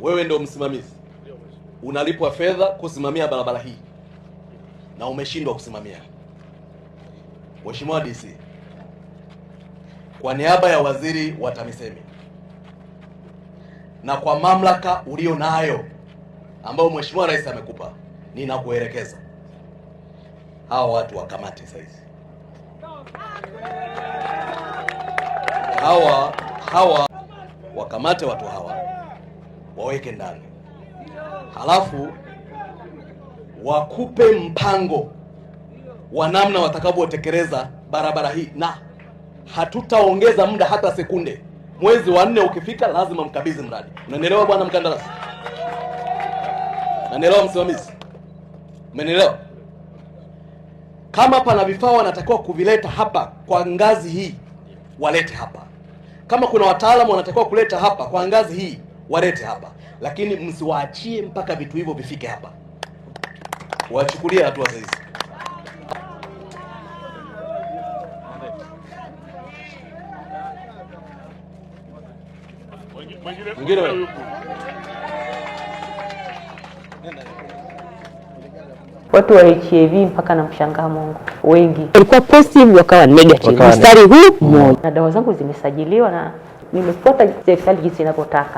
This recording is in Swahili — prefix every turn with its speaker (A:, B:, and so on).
A: wewe ndio msimamizi, unalipwa fedha kusimamia barabara hii na umeshindwa kusimamia. Mheshimiwa DC, kwa niaba ya waziri wa TAMISEMI na kwa mamlaka ulio nayo ambayo Mheshimiwa Rais amekupa, ninakuelekeza hawa watu wakamate saizi. Hawa hawa wakamate watu hawa waweke ndani, halafu wakupe mpango wa namna watakavyotekeleza barabara hii, na hatutaongeza muda hata sekunde. Mwezi wa nne ukifika, lazima mkabidhi mradi. Unanielewa bwana mkandarasi? Unanielewa msimamizi? Umenielewa? Kama pana vifaa wanatakiwa kuvileta hapa kwa ngazi hii, walete hapa. Kama kuna wataalamu wanatakiwa kuleta hapa kwa ngazi hii, walete hapa, lakini msiwaachie mpaka vitu hivyo vifike hapa. Wachukulie hatua hizi.
B: Mwingine Watu wa HIV mpaka na mshangaa Mungu, wengi
C: walikuwa positive wakawa negative, mstari huu mmoja.
B: Na dawa zangu zimesajiliwa na nimefuata serikali jinsi inavyotaka.